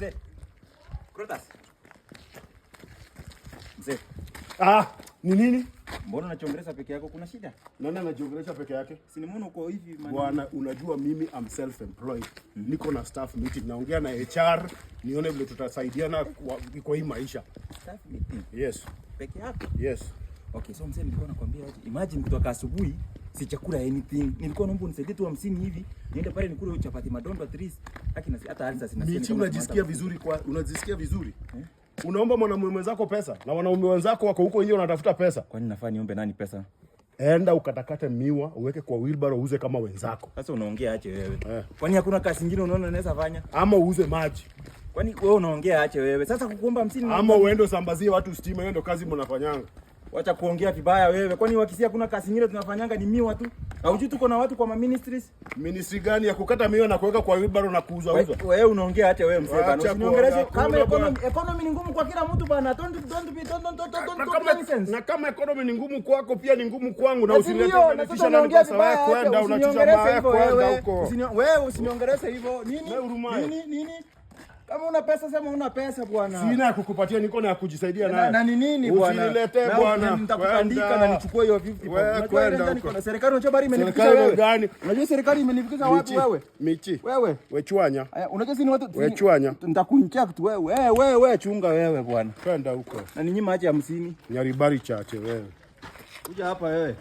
Mzee. Krotas. Mzee. Ah, ni nini? Mbona unachongeleza peke yako kuna shida? Nani anachongeleza peke yake? Si ni mbona uko hivi maneno. Bwana, unajua mimi am self employed. Mm mm-hmm. Niko na staff meeting naongea na HR nione vile tutasaidiana kwa hii maisha. Staff meeting. Yes. Peke yako? Yes. Okay, so mzee nilikuwa nakwambia imagine kutoka asubuhi si chakula anything. Nilikuwa naomba unisaidie tu 50 hivi, niende pale nikule chapati madondo at least. Hata hata sina sina. Unajisikia vizuri kwa unajisikia vizuri eh? Unaomba mwanamume wenzako pesa na wanaume wenzako wako huko nje wanatafuta pesa. Kwani nafaa niombe nani pesa? Enda ukatakate miwa uweke kwa wheelbarrow uuze kama wenzako. Sasa unaongea aje wewe eh. Kwani hakuna kazi nyingine unaona unaweza fanya? Ama uuze maji. Kwani wewe unaongea aje wewe. Sasa kukuomba 50 ama uende usambazie watu stima, hiyo ndio kazi mnafanyanga. Wacha kuongea vibaya wewe. Kwani wakisia kuna kazi nyingine tunafanyanga ni miwa tu? Haujui tuko na watu kwa ma ministries? Ministry gani ya kukata miwa na kuweka kwa wibaro na kuuza uza? Wewe unaongea hata wewe mzee bana. Unaongelea kama economy economy ni ngumu kwa kila mtu bana. Don't don't be don't don't don't. don't talk nonsense. Na kama economy ni ngumu kwako pia ni ngumu kwangu na usilete unanitisha na kwa sawa kwenda unatisha mbaya kwenda huko. Wewe usiniongeleze hivyo. Nini? Nini? Nini? Kama una pesa sema una pesa bwana. Sina kukupatia niko na kujisaidia naye. Na ni nini bwana? Usilete bwana. Nitakutandika na nichukue hiyo 50 pounds. Kwenda huko. Na Serikali unajua bari imenifikisha wewe. Gani? Unajua serikali imenifikisha wapi wewe? Michi. Wewe. Wechwanya. Eh, unajua si ni watu Wechwanya. Nitakunchia kitu wewe. Eh, wewe wewe chunga wewe bwana. Kwenda huko. Na ni nyima acha 50. Nyaribari chache wewe. Kuja hapa wewe.